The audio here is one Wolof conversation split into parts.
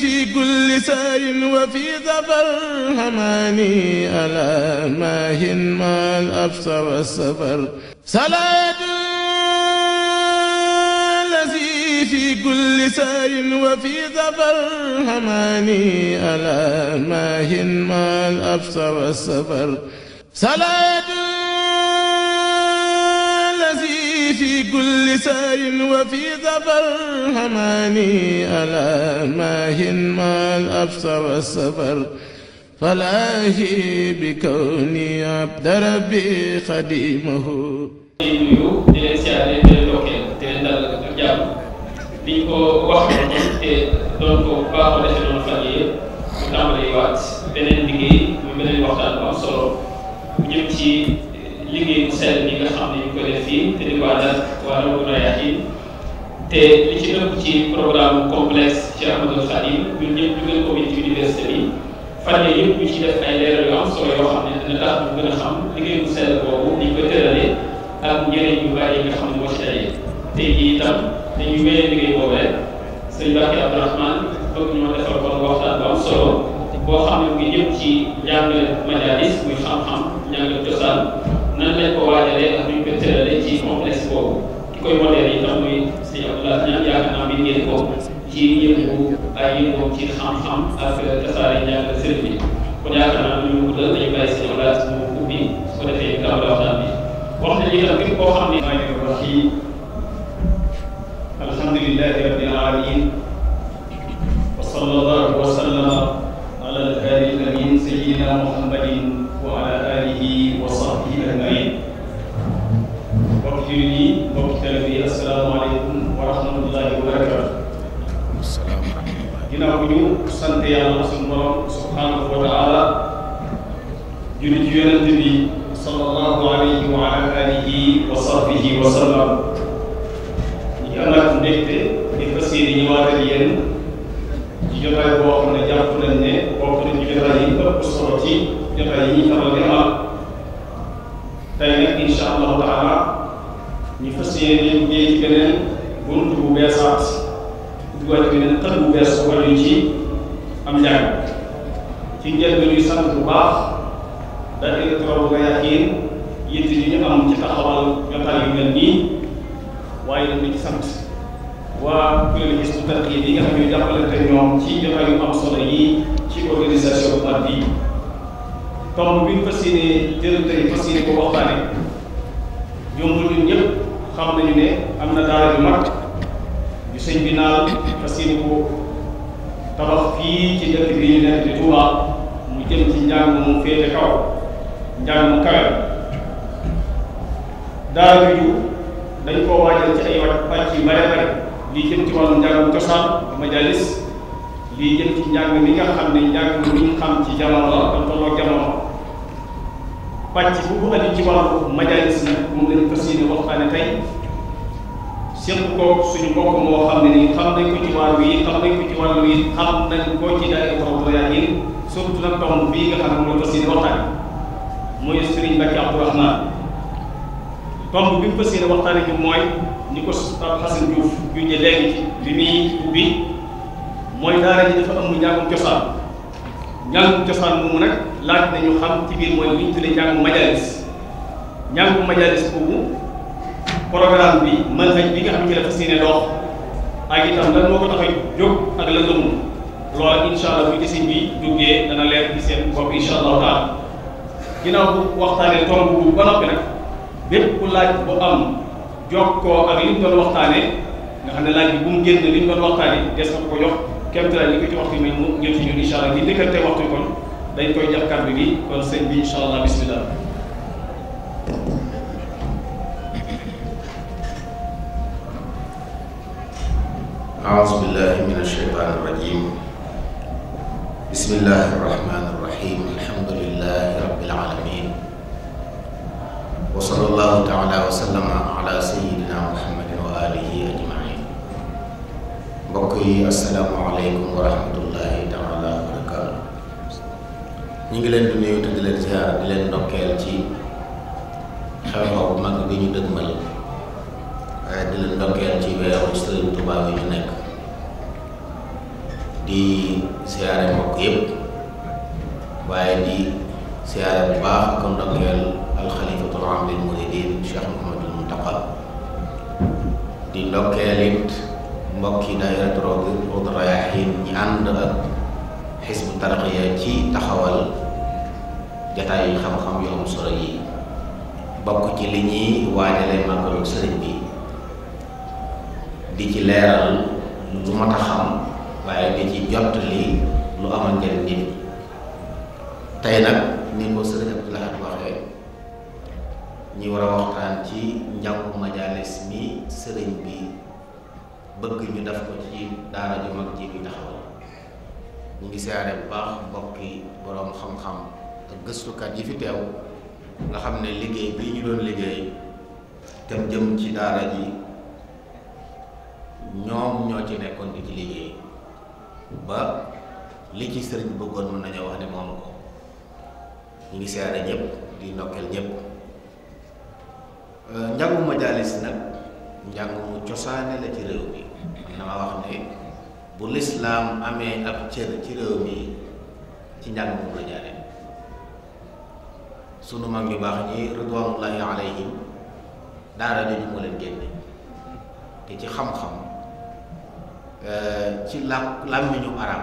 في كل سار وفي ظفر هماني ألا ماهن ما الأبصر السفر صلاة الذي في كل سار وفي ظفر هماني ألا ماهن ما الأبصر السفر صلاة في كل سير وفي ظفر هماني ألا ماهن ما الأبصر السفر فلاهي بكوني عبد ربي خديمه di leen siyaare di leen dookeel di leen dalal ak jàmm liñ ko wax te doon ko baaxoo defee noonu fan yii mu tàmbalee waat beneen liggéey muy beneen waxtaan bu am solo bu jëm ci sell ñi nga xam ne ñu ko def fii te di ko ànd ak waa Rawdu Rayaahiin te li ci ëpp ci programme complexe ci Ahmadou Khadim ñun ñëpp ñu gën ko bind ci université bi fan yii yëpp ñu ci def ay leeral yu am solo yoo xam ne dina tax ñu gën a xam liggéey bu sell boobu ni ñu ko tëralee ak njëriñ yu bari yi nga xam ne moo ci daje tey jii itam dañuy wéyee liggéey boobu rek sëñ Bakhy Abdourahmane bëgg ñoo defal kon waxtaan bu am solo boo xam ne mu ngi jëm ci njàngale majaalis muy xam-xam njàngale cosaan nan lañ ko waajalee ak ñu ko tëralee ci complexe boobu ki koy modéré itam muy sëñ Abdoulaye ñaan yaakaar naa bi ngeen ko ci yëngu ay yëngu ci xam-xam ak tasaare njàngal sëriñ bi kon yaakaar naa ñu mu dañu bàyyi sëñ Abdoulaye su mu ubbi su ko defee ñu tàmbali waxtaan bi wax nañu itam képp koo xam ne maaleykum rahim alhamdulilahi rabbil alamin wa sallallahu wa sallama ala al-hadi al-amin sayyidina Muhammad ginnaaw bu ñu sant yàlla suñu borom subhanahu wa taala julli ci yonent alayhi wa ala wa sahbihi wa sallam ñu amaat mbégte di fas yéene ñëwaat ak yéen ci jotaay boo xam ne jàpp nañ ne bokk nañ ci jotaay yi ëpp solo ci jotaay yi ñu faral di amal taala ñu fas yéene ñu ci beneen bunt bu beesaat dugal ci beneen xët bu bees wala yu ci am njàng ci njël bi ñuy sant bu baax daal di trop nga yaqiin yitte yi ñu am ci taxawal jotaay yu mel nii waaye dañ ci sant waa kuréel gis bu tarqiib yi nga xam ne jàppalante ñoom ci jotaay yu am solo yi ci organisation bu parti yi tomb bi ñu fas yéenee jël tey fas yéene ko waxtaane ñoom ñun ñëpp xam nañu ne am na daara yu mag sëñ bi naal fii ci dëkk bi ñu nekk di Touba mu jëm ci njàng mu féete kaw njàng mu kawe daara jooju dañ koo ci ay wàcc pàcc yu bare bare lii jëm ci wàllu njàngum cosaan majalis lii jëm ci njàng mi nga xam ne njàng mi ñu xam ci jamono la dañ tolloog jamono pàcc bu bu aju ci wàllu majalis nag moom lañu fas yéene séq koog suñu mbokk moo xam ne nii xam nañ ko ci wàllu yi xam nañ ko ci wàllu yi xam nañ ko ci daay Hizbut-Tarqiyyah yi surtout nag tomb bii nga xam ne mooy seen waxtaan mooy Serigne Mbacké mu fas yéene waxtaanee ci mooy ni ko Pape Assane Diouf junjee léegi li muy ubbi mooy daara ji dafa am njàngum cosaan njàngum cosaan moomu nag laaj nañu xam ci biir mooy li ñu tuddee njàngum majalis njàngum majalis programme bi manhaj bi nga xam ci la fas dox ak itam lan moo ko tax a jóg ak lan la mun loolu incha allah bu gisiñ bi duggee dana leer ci seen bopp incha allahu taala ginnaaw bu waxtaanee tomb bu ba noppi bépp laaj bu am jokkoo ak li ñu doon waxtaanee nga xam ne laaj bu mu génn doon waxtaanee des na ko jox kéem tolluwaay ñu ko ci waxtu bi mu ñëw ci ñun incha allah ñu dëkkante waxtu kon dañ koy jox kàddu gi kon sëñ bi incha allah أعوذ بالله من الشيطان الرجيم بسم الله الرحمن الرحيم الحمد لله رب العالمين وصلى الله تعالى وسلم على سيدنا محمد وآله أجمعين بقي السلام عليكم ورحمة الله تعالى وبركاته ñu ngi leen di nuyu te di leen ziar di leen ndokkeel ci xew-xew bu mag bi ñu dëgmal waaye di leen ndokkeel ci weeru Sëriñ Tuubaa bi ñu nekk di siyaare mbokk yëpp waaye di siyaare bu baax ak ndokkeel alxalifatul am lil muridin Cheikh Mouhamadul Muntaqa di ndokkeel it mbokki daayiratu Rawdu Rayaahiin ñi ànd ak xisbu tarqiya ci taxawal jataay xam-xam yu am solo yi bokk ci li ñuy waajale màggalu sëriñ bi di ci leeral lu mat a xam waaye di ci jot li lu amal njëriñ nit ñi tey nag ni ko sëriñ Abdou Lahad waxee ñi war a waxtaan ci njàngu majalis ni sëriñ bi bëgg ñu def ko ci daara ju mag ji bi taxawal ñu ngi siyaare bu baax mbokki boroom xam-xam ak gëstukat yi fi teew nga xam ne liggéey bi ñu doon liggéey tem jëm ci daara ji ñoom ñoo ci nekkoon di ci liggéey ba li ci sëriñ bëggoon mën nañoo wax ne moom ko ñu ngi seere ñëpp di ndokkeel ñëpp euh, njàngu majaalis nag njàngu cosaane la ci réew mi dama wax ne bu lislaam amee ab cër ci réew mi ci njàng moom la sunu mag yu baax ñi ridwanullahi alayhim daara jooju moo leen génne te ci xam-xam Euh, ci làkk làmmiñu arab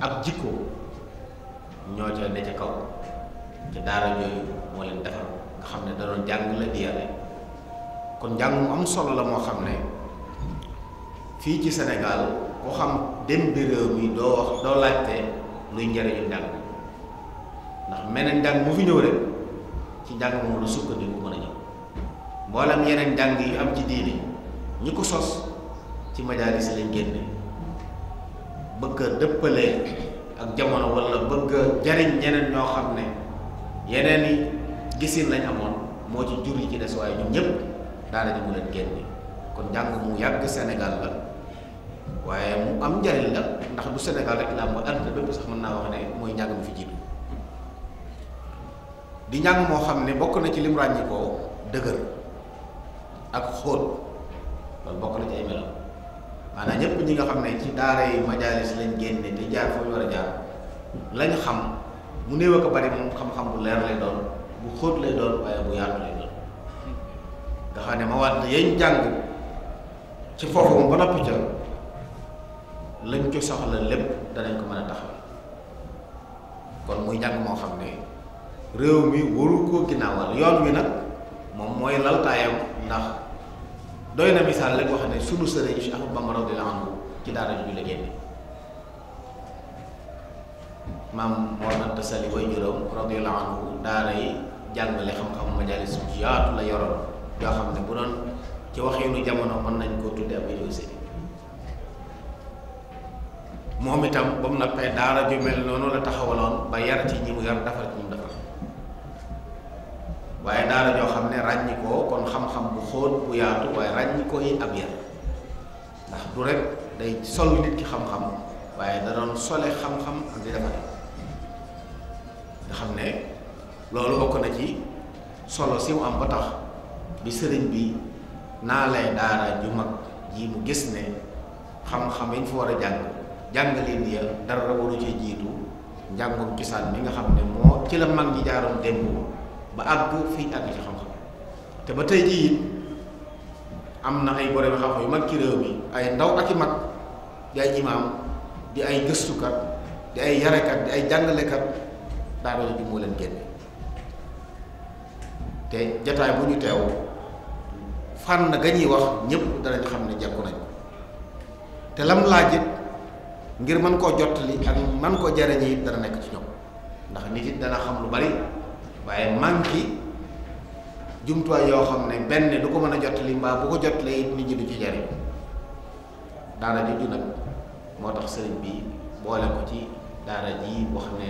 ak jikko ñoo ca ne ca kaw te daara yooyu moo leen defar nga xam ne da doon jàng la di yare kon njàng mu am solo la moo xam ne fii ci Sénégal ku xam dem bi réew mi doo wax doo laajte luy njariñu njàng ndax meneen njàng mu fi ñëw rek ci njàng moom lu sukkandiku mën a ñëw mboolem yeneen njàng yi am ci diini ñi ko sos ci majaalis lañ génne bëgg a ak jamono wala bëgg jariñ ñeneen ñoo xam ne yeneen i gisin lañ amoon moo ci jur yi ci des waaye ñun ñëpp daanañu mu leen génne kon njàng mu yàgg Sénégal la waaye mu am njariñ la ndax du Sénégal rek la am ba àdduna bépp sax mën naa wax ne mooy njàng mu fi jiitu di njàng moo xam ne bokk na ci lim ràññikoo dëgër ak xóot loolu bokk na ci ay melam maanaam ñëpp ñi nga xam ne ci daara yi majaalis lañ génne di jaar foofu war a jaar lañ xam mu néew ko bari moom xam-xam bu leer lay doon bu xóot lay doon waaye bu yàlla lay doon nga xam ne ma waat yañ jàng ci foofu moom ba noppi ca lañ ci soxla lépp danañ ko mën a taxaw kon muy njàng moo xam ne réew mi waru koo ginnaawal yoon wi nag moom mooy laltaayam ndax doy na misaal rek wax ne sunu sëriñ Cheikh Bamba radiyallahu anhu ci daara ju la génne maam Mor Anta Sali way juróom radiyallahu anhu daara yi jàngale xam-xam majalis bu yaatu la yoroon yoo xam ne bu doon ci waxinu jamono mën nañ koo tudde ab université moom itam ba mu nappee daara ju mel noonu la taxawaloon ba yar ci ñi yar defar ci waaye daara joo xam ne ràññi koo kon xam-xam bu xóot bu yaatu waaye ràññi ko yi ab yar ndax du rek day sol nit ki xam-xam waaye da doon sole xam-xam ne loolu bokk na ci solo si am ba tax bi sëriñ bi naa lay daara ju mag ji gis ne xam-xam yi ñu fa war a jàng jàngaleen ya dara waru ci jiitu njàngum cosaan bi nga xam ne moo ci la mag ñi jaaroon démb ba àgg fi ñu àgg ci xam-xam te ba tey jii am na ay borom xam-xam yu mag ci réew mi ay ndaw ak i mag di ay imaam di ay gëstukat di ay yarekat di ay jàngalekat daara bi moo leen génne te jataay bu ñu teew fànn ga ñuy wax ñëpp danañ xam ne jekku nañ te lam laa it ngir mën koo jottali ak mën ko jariñ dana nekk ci ñoom ndax nit it dana xam lu bari waaye manqué jumtuwaay yoo xam ne benn du ko mën a jottali mbaa bu ko jottalee it nit ñi du ci jariñ daara jooju nag moo tax sëriñ bi boole ko ci daara ji wax ne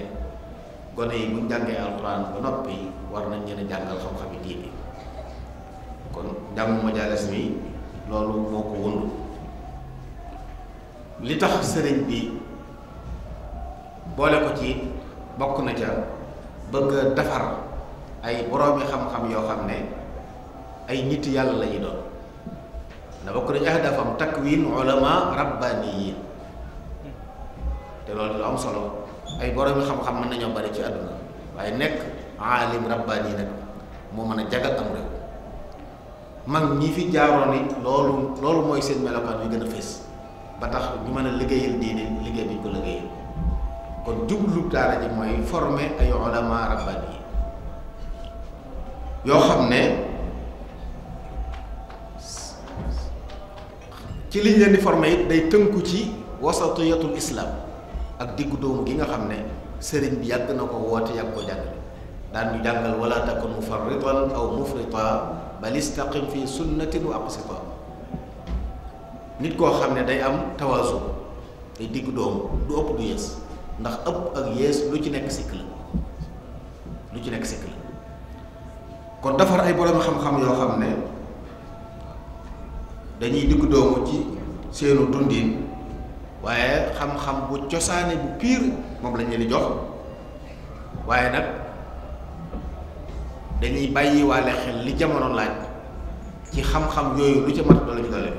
gone yi buñ jàngee alxuraan ba noppi war nañ leen a jàngal xam-xami kon njàngu majalis mi loolu moo tax sëriñ bi boole ci bokk na ca bëgg a ay boroomi xam-xam yoo xam ne ay nit yàlla la ñu doon na bokk nañu ahdafam takwin ulama rabbaniyin te loolu lu am solo ay boroomi xam-xam mën nañoo bari ci waaye nekk aalim rabbani nag moo mën a jagal am réew mag ñi fi jaaroon mooy seen melokaan yu gën a fés ba tax ñu mën a liggéeyal diine liggéey bi ñu ko liggéey kon jublu daara ji mooy former ay ulama rabbani yoo xam ne ci liñ leen di formé it day tënku ci wasatiyatul islam ak diggu doom gi nga xam ne sëriñ bi yàgg na ko woote yàgg ko jàngale daan ñu jàngal wala takun mufarritan aw mufrita bal istaqim fi sunnatin wa aqsita nit koo xam ne day am tawaasu day diggu doomu du ëpp du yées ndax ëpp ak yées lu ci nekk sikk la lu ci nekk sikk kon defar ay boroomi xam-xam yoo xam ne dañuy diggu doomu ci seenu dundin waaye xam-xam bu cosaane bu piir moom lañ leen di jox waaye nag dañuy bàyyiwaale xel li jamono laaj ci xam-xam yooyu lu ca mat loolu ñu doole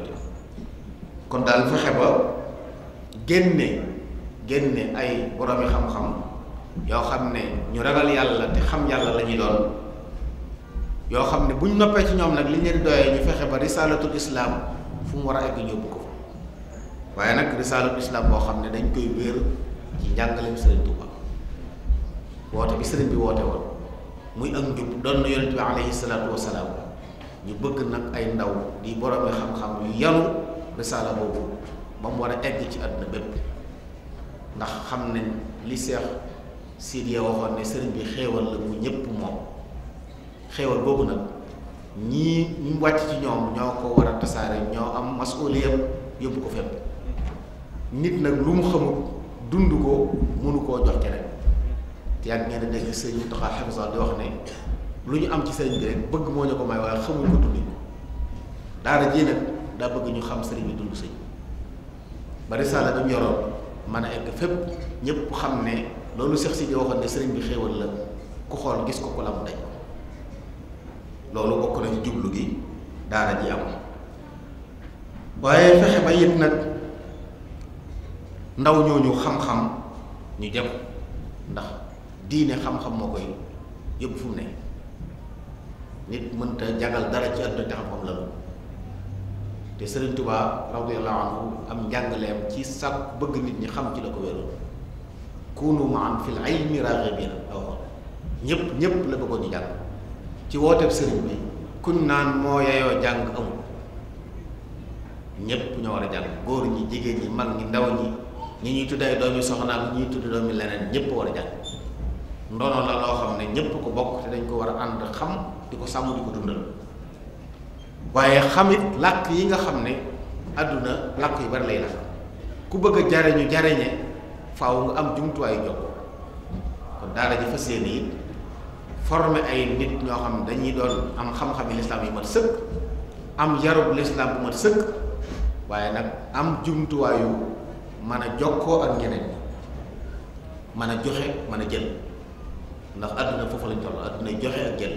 kon daal fexe ba génne ay boroomi xam-xam yoo xam ne ñu ragal yàlla te xam yàlla la ñuy doon yoo xam ne buñ noppee ci ñoom nag li ñu doyee ñu fexe ba risaalatul islaam fu mu war a egg ñëpp ko fa waaye nag risaalatul islaam boo xam ne dañ koy wéer ci njàngaleem sëriñ Tuuba woote bi sëriñ bi woote woon muy ak njub doon na yonent salaatu wasalaam ñu bëgg nag ay ndaw di boroomi xam-xam yu yanu risaala boobu ba mu war a egg ci àdduna bépp ndax xam nañ li seex Sidiya waxoon ne sëriñ bi xéewal la mu ñëpp moom xéewal boobu nag ñii ñu wàcc ci ñoom ñoo ko war a tasaare ñoo am masuliyam yóbbu ko fépp nit nag lu mu xamul dund ko mënu koo jox keneen te yàgg ngeen dégg sëñ Mountakha Xamsa di wax ne lu ñu am ci sëriñ bi bëgg moo ñu ko may waaye xamul ko dund daara ji nag daa bëgg ñu xam sëriñ bi dund sëñ ba risaala bi mu yoroon mën a egg fépp ñëpp xam ne loolu sex si di waxoon ne sëriñ bi xéewal la ku xool gis ko ku la mu daj loolu bokk na jublu gi daara ji am waaye fexe ba it nag ndaw ñooñu xam-xam ñu jëm ndax diine xam-xam moo koy yóbbu fu ne nit mënta jàngal dara ci àdduna te xam-xam la te Sëriñ Tuubaa radiyallaahu anhu am njàngaleem ci sàkk bëgg nit ñi xam ci la ko wéroon kunu ma'an fil ilmi raaxibiina ñëpp ñëpp la bëggoon ñu jàng ci wooteeb sëriñ bi kuñ naan moo yeyoo jàng amul ñépp ñoo war a jàng góor ñi jigéen ñi mag ñi ndaw ñi ñu ñuy tudd ay doomi soxna ak ñi ñuy tudd doomi leneen ñépp war a jàng ndono la loo xam ne ñépp ko bokk te dañ ko war a ànd xam di ko sàmm di ko dundal waaye xamit làkk yi nga xam ne àdduna làkk yu bari lay la xam ku bëgg a jariñu jariñe faaw nga am jumtuwaayu jokk kon daara ji fas yéene it former ay nit ñoo xam dañuy doon am xam-xami lislaam yu mat sëkk am yarub lislaam bu mat sëkk waaye nag am jumtuwaayu mën a koo ak ñeneen ñi mën a joxe man a jël ndax àdduna foofu lañ toll àdduna joxe ak jël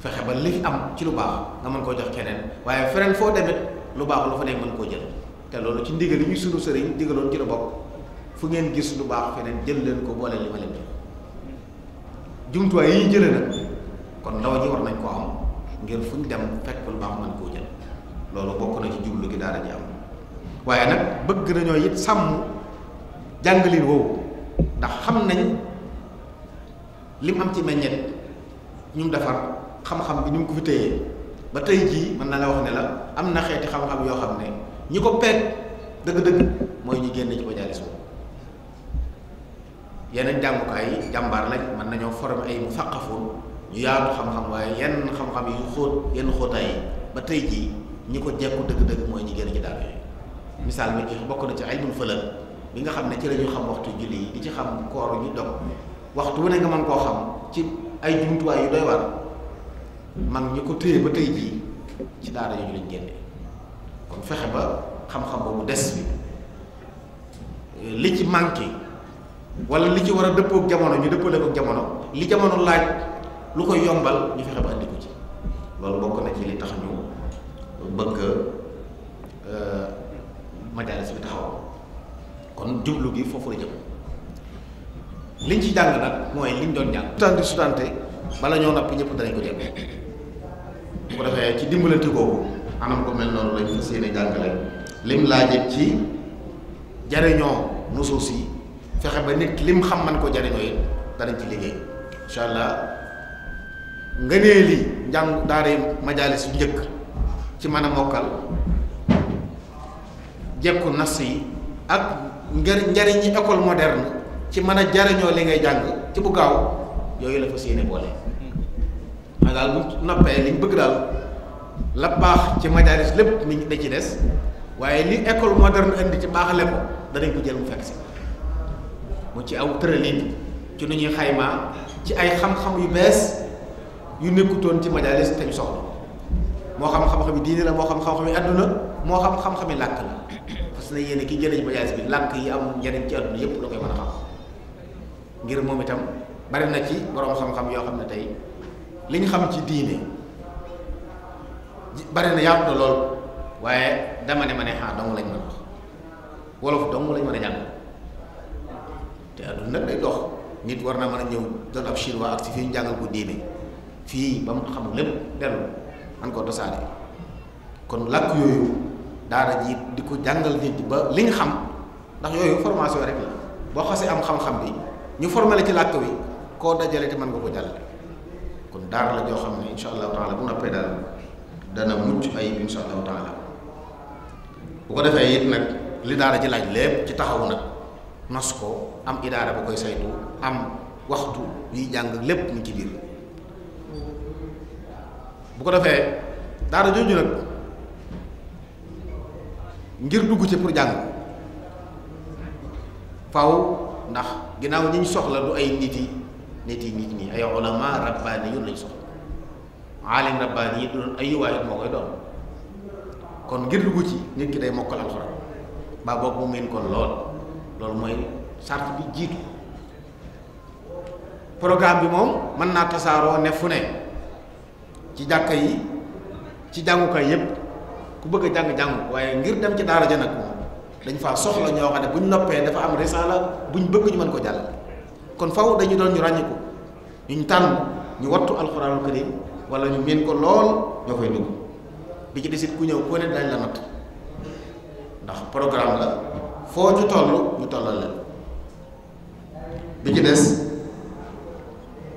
fexe ba li am ci lu baax nga mën koo jox keneen waaye feneen foo demit lu baax lu fa nekk mën koo jël te loolu ci ndigal yi ñu sunu sëriñ digaloon ci la bokk fu ngeen gis lu baax feneen jël leen ko boole li ma leen jox jumtuwaay yi ñu jëlee nag kon ndaw ñi war nañ koo am ngir fu ñu dem fekk ba baax mën koo jël loolu bokk na ci jublu gi daara ji am waaye nag bëgg nañoo it sàmm jàngalin woowu ndax xam nañ mu am ci meññet ñu mu defar xam-xam bi ni mu ko fi téyee ba tey jii mën na la wax ne la am na xeeti xam-xam yoo xam ne ñi ko peeg dëgg-dëgg mooy ñu génn ci ko majalis boobu yeneen jàngukaay yi jàmbaar lañ mën nañoo former ay mu faqafoon ñu yaatu xam-xam waaye yenn xam-xam yu xóot yenn xóotaay yi ba tey jii ñi ko jekku dëgg-dëgg mooy ñi génn ci daal misaal mi jox bokk na ci ay mun fëlal xam ne ci la xam waxtu julli yi di ci xam koor ñu dog waxtu ne mën koo xam ci ay jumtuwaay yu doy war mag ñi ko téye ba tey jii ci daara yooyu lañ génne kon fexe ba xam-xam boobu des li ci manqué wala li ci war a dëppook jamono ñu dëppale ko jamono li jamono laaj lu koy yombal ñu fexe ba andi ko ci loolu bokk na ci li tax ñu bëgg euh, majaalis bi taxaw kon jublu gi foofu la liñ ci jàng nag mooy liñ doon jàng sutante sutante bala ñoo napp ñëpp danañ ko jëm bu ko defee ci dimbalante boobu anam ko mel noonu lañ fas yéene jàngale lim laajee ci jariñoo nusuus yi fexe ba nit lim xam man ko jariñoo it danañ ci liggéey incha allah nga nee lii njàng daara majaalis yu njëkk ci mën a mokkal jekku nas yi ak ngër njariñi école moderne ci mën a jariñoo li ngay jàng ci bu gaaw yooyu la fa séene boole ma daal bu noppee liñ bëgg daal la baax ci majaalis lépp mi da ci des waaye li ecole moderne indi ci baax ko danañ ko jël mu fekk si mu ci aw tëralin ci nu ñuy xaymaa ci ay xam-xam yu bees yu nekkutoon ci majalis te ñu soxla moo xam xam-xami diine la moo xam xam-xami àdduna moo xam xam yi làkk la parce que yéen ki jëlee ci majalis bi làkk yi am njariñ ci àdduna yëpp la koy mën a xam ngir moom itam bari na ci borom xam-xam yoo xam ne tey li ñu xam ci diine bari na yaatu lool waaye dama ne ma ne xaa ah, dong lañ mën a wolof dong lañ mën a jàng te àdduna nag day dox nit war naa mën a ñëw doon ab chinois ak si fii ñu jàngal diine fii ba mu xam lépp dellu man ko dosaale kon làkk yooyu daara ji di ko jàngal nit ba li nga xam ndax yooyu formation rek la boo xasee am xam-xam bi ñu formé la ci làkk wi koo dajale te mën nga ko jàllale kon daara la joo xam ne insha allahu taala bu noppee daal dana mucc ayib insha allahu taala bu ko defee it nag li daara ji laaj lépp ci taxaw nag nos ko am idaara ba koy saytu am waxtu yuy jàng lépp mu ci biir bu ko defee daara jooju nag ngir dugg ci pour jàng faw ndax ginnaaw ñi soxla du ay nit yi nit yi nit ñi ay ulama rabbaani yun lañ soxla aalim rabbaani yi du doon ay yuwaayut moo koy doon kon ngir dugg ci nit ki day mokkal alxuraan ba boobu mu miin kon lool loolu mooy sart bi jiitu programme bi moom mën naa tasaaroo ne fu ne ci jàkka yi ci jàngukaay yépp ku bëgg a jàng jàngu waaye ngir dem ci daara ja nag dañ faa soxla ñoo xam buñ noppee dafa am risaala buñ bëgg ñu mën ko jàll kon faw dañu doon ñu ràññiku ñu ñu tànn ñu wattu alxuraanul karim wala ñu miin ko lool ñoo koy dugg bi ci desit ku ñëw ku ne dañ la natt ndax programme la foo ñu toll ñu tollal leen bi ci des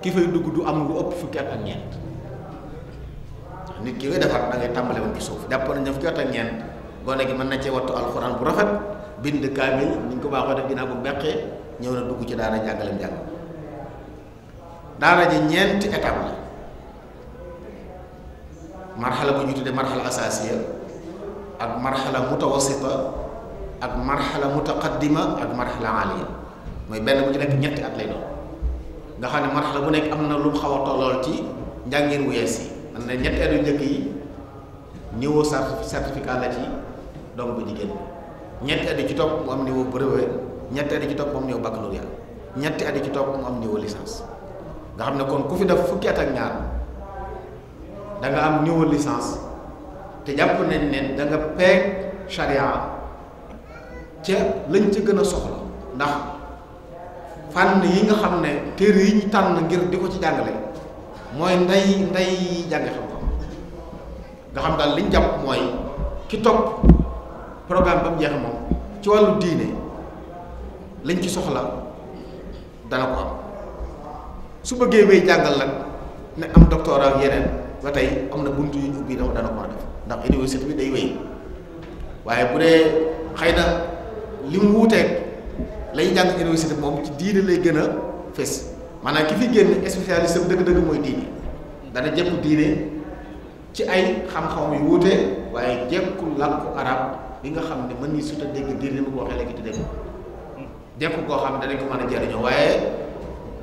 ki fay dugg du am lu ëpp fukki at ak ñeent nit ki koy defar da ngay tàmbale woon ci suuf jàpp nañ ne fukki at ak ñeent gone gi mën na cee wattu alxuraan bu rafet bind kaamil ni ñu ko baaxoo def dinaa bu beqee ñëw na dugg ci daara jàngaleem jàng daara ji ñeenti étape la marxala bu ñu tuddee marxala asaasiya ak marxala mutawasita ak marxala mutaqaddima ak marxala aliya mooy benn bu ci nekk ñetti at lay doon nga xam ne marxala bu nekk am na lu mu xaw a tollool ci njàngeen wu yees yi man ne ñetti at yu njëkk yi niveau certificat la ci doom bu jigéen ñetti at yi ci topp mu am niveau brevet ñetti at yi ci topp mu am niveau baccalauréat ñetti at yi ci topp mu am niveau licence nga xam ne kon ku fi def fukki at ak ñaar danga am niveau licence te jàpp nañ ne da nga peeg charia ca lañ ca gën a soxla ndax fànn yi nga xam ne téer yi ñu tànn ngir di ko ci jàngale mooy nday nday jàng xam-xam nga xam daal liñ jàpp mooy ki topp programme ba mu jeex moom ci wàllu diine lañ ci soxla dana ko am su bëggee bay jàngal nag ne am doctorat ak yeneen ba tey am na bunt yu ñu ubbi dana ko dana def ndax université bi day wéy waaye bu dee xëy na li mu wuuteeg lay jàng université moom ci diine lay gën a fés maanaam ki fi génn spécialiste dëgg-dëgg mooy diine dana jëpp diine ci ay xam-xam yu wuute waaye jekkul làkku arab li nga xam ne mën ni suta dégg diine ni mu ko waxee léegi te dégg jekku koo xam ne danañ ko mën a jariñoo waaye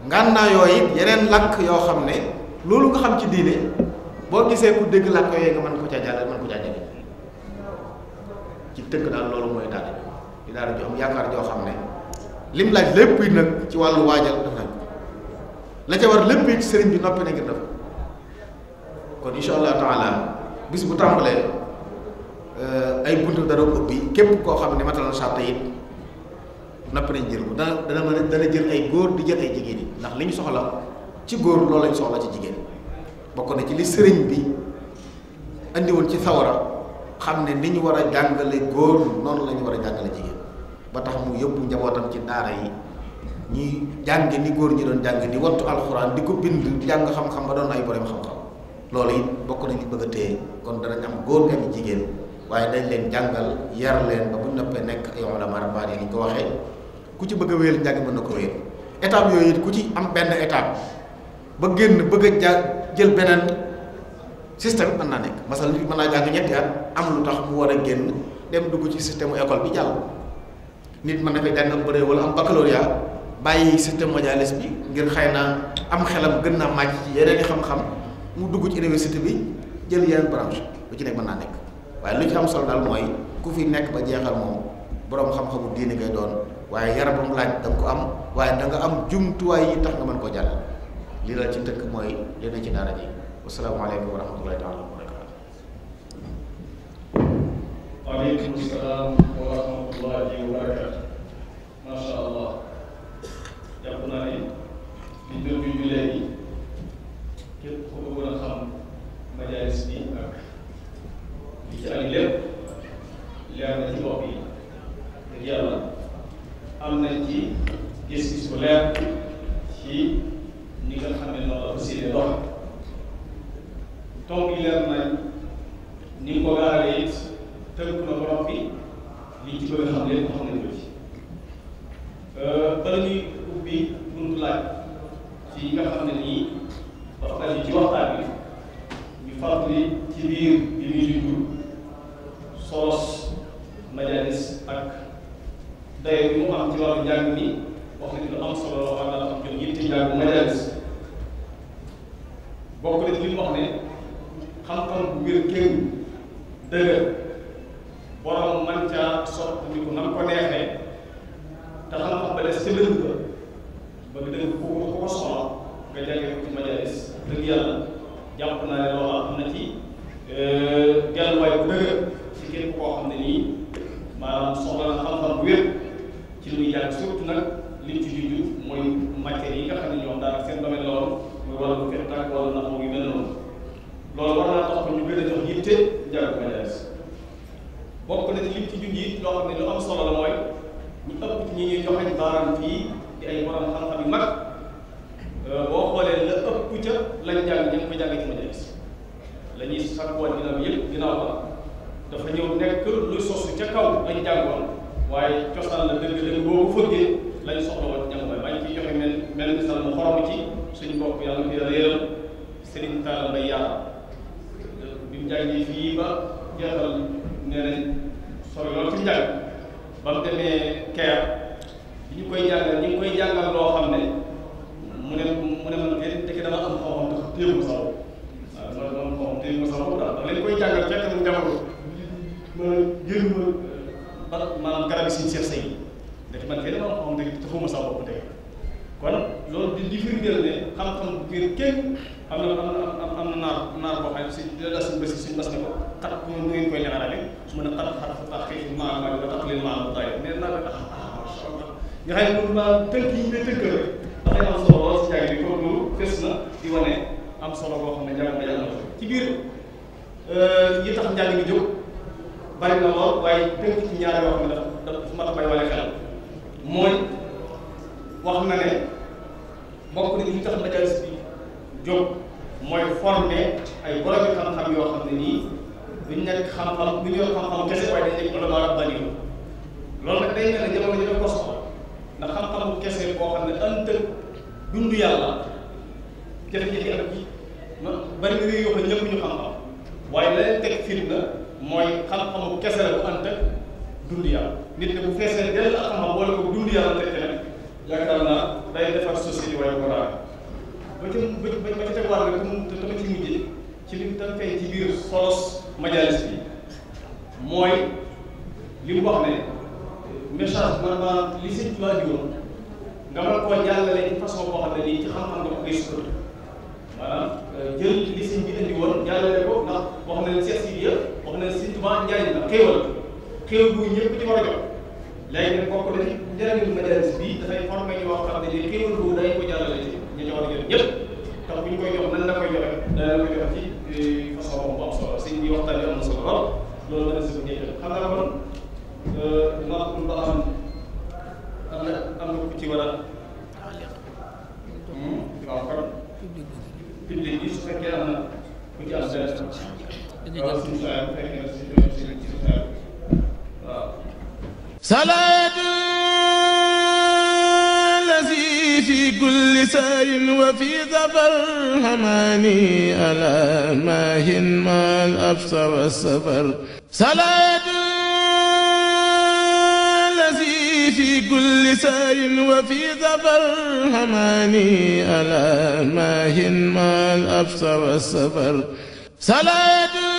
ngànnaa yooyu it yeneen làkk yoo xam ne loolu nga xam ci diine boo gisee ku dëgg làkk yee nga mën ko caa jàllale mën ko caa jariñ ci tënk daal loolu mooy daal ñu daal di am yaakaar joo xam ne lim laaj lépp yi nag ci wàllu waajal def nañ la ca lépp it sëriñ bi noppi na ngir def kon incha allah taala bis bu tàmbalee euh, ay buntu dara ubbi képp koo xam ne matal na sàtt it noppi nañ jël ko dana dana mën a jël ay góor di jël ay jigéen yi ndax li ñu soxla ci góor loolu lañ soxla ci jigéen bokk na ci li sëriñ bi andi woon ci sawara xam ne ni ñu war a jàngale góor noonu la ñu war a jàngale jigéen ba tax mu yóbbu njabootam ci daara yi ñuy jànge ni góor ñi doon jàng di wattu alxuraan di ko bind jàng xam-xam ba doon ay borom xam-xam loolu it bokk nañu bëgg a téye kon danañ am góor ak jigéen waaye dañ leen jàngal yaram leen ba bu noppee nekk ay ulama rabbaani yi ñu ko waxee ku ci bëgg a wéyal njàng na ko wéyal yooyu it ku ci am benn étape ba génn bëgg a jël beneen système mën naa nekk masal nit mën naa jàng ñetti at am lu tax mu war a génn dem dugg ci système école bi jàll nit man na fay jàng am bëre wala am baccalauréat bàyyi système mondialiste bi ngir xay na am xelam gën naa màcc ci yeneen i xam-xam mu dugg ci université bi jël yeneen branche lu ci nekk mën naa nekk waaye lu ci am solo daal mooy ku fi nekk ba jeexal moom boroom xam-xamu diine ngay doon waaye yaramam laaj da ko am waaye danga am jumtuwaay yi tax nga mën koo jàll lii la ci tëkk mooy li na ci daara ji wasalaamaaleykum wa rahmatullahi taala waaleykum salaam wa rahmatullahi wa barakaatu bokk na ci li mu wax ne xam-xam bu wér kéew dëgër borom man caa ko nam ko neexee te xam-xam ba la sëbëru ba ba nga dëgg ko ko ko soxla nga jàngee ko ci majalis dëgg yàlla jàpp naa ne loola am na ci gelluwaay euh, bu dëgër si képp koo xam na xam-xam bu wér ci luy yàgg surtout nag liñ ci jujju mooy matières yi nga xam ne ñoom daanaka seen domaine loolu muy wàllu loolu war naa tax ba ñu gën a jox yitte njàng majalis bokk na lim ci junj loo xam ne lu am solo la mooy ñu ëpp ci ñi ñuy joxeñ baaraam fii di ay borom xam-xam yu mag euh, boo xoolee la ëpp ca lañ jàng ñu ngi ko jàng ci majalis la ñuy sakkuwaat ginnaaw yëpp ginnaaw ba dafa ñëw nekk lu sosu ca kaw lañ jàngoon la dëgg-dëgg boobu fëggee lañ soxla woon jàng mooy bañ ciy joxe mel mel misaal mu xorom ci suñu bopp yàlla fi réeram Serigne Talla Mbaye yàlla njàng yi fii ba jeexal nee nañ lool ci njàng ba mu demee keer bi ñu koy jàngal ñu ngi koy jàngal loo xam ne mu ne mu ne man de dëkk dama am xam-xam dafa téye ko sama waaw mu ma jëlu ma te kon loolu di di firndeel ne xam-xam bu kenn am na am na naar naar boo xam ne si dina daal suñu bés suñu bés ne ko xat bu ngeen koy leeralal mu ne xat xat na maa maa dina tax leen maa bu taay mais naa leen nga xam ne ma tënk yi ñu tënk rek am solo lool si jàng bi comme lu fës na di wane am solo boo xam ne jàng na yàlla ci biir yi tax njàng bi jóg bari na lool waaye tënk ci ñaari yoo xam ne dafa dafa mat a bàyyi wale mooy wax na ne bokk na li ñu tax majalis bi jóg mooy former ay borom yu xam-xam yoo xam ne nii duñ nekk xam-xam duñ yor xam-xam kese waaye dañ nekk ulama rabbani loolu nag day mel ne jamono dafa ko soxla ndax xam-xamu kese boo xam ne ënt dund yàlla jafe-jafe ak ji na réew yoo xam ñëpp waaye la leen teg firnde mooy xam-xamu kese la bu ënt dund yàlla nit ne bu feesee dell ak xam-xam boole ko dund yàlla teg te nag yaakaar ba ca ba ba ca teguwaat nga te te dama ci mujjee ci li mu doon fay ci biir solos majalis bi mooy li mu wax ne message maanaam li sëñ Tuubaa diwoon nga mën koo jàllale ci façon boo ko koy sukkandiku maanaam euh, jël li sëñ bi indi woon jàllale ko ndax wax na ne seet si biir wax na ne sëñ Tuubaa njariñ la xéewal xéewal bu ñëpp ci war a jot léegi nag kooku dañuy njëriñu majalis bi ko njaboot yooyu ñëpp koy jox nan la koy joxe la koy joxe ci façon boobu bu am solo sëñ bi waxtaan bi am lool loolu dana si njëriñ xam naa kon naa euh, ko ba xam am ku ci war a hmm? waaw kon public bi su fekkee am na ku ci am benn waaw suñu saa bu fekkee waaw في كل سير وفي ظفر هماني ألا ماهن ما الأبصر والسفر صلاة الذي في كل سير وفي ظفر هماني ألا ماهن ما الأبصر والسفر صلاة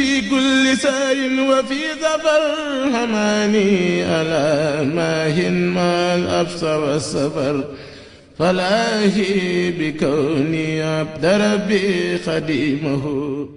في كل سير وفي ظفر هماني ألا ماهن ما الأبصر والسفر فلاهي بكوني عبد ربي خديمه